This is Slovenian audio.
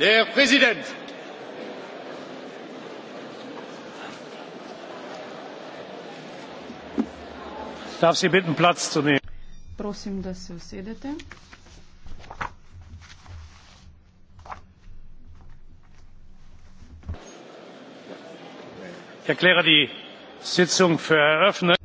Der Präsident. Darf Sie bitten, Platz zu nehmen. Prosim, da se usedete. Ich erkläre die Sitzung für eröffnet.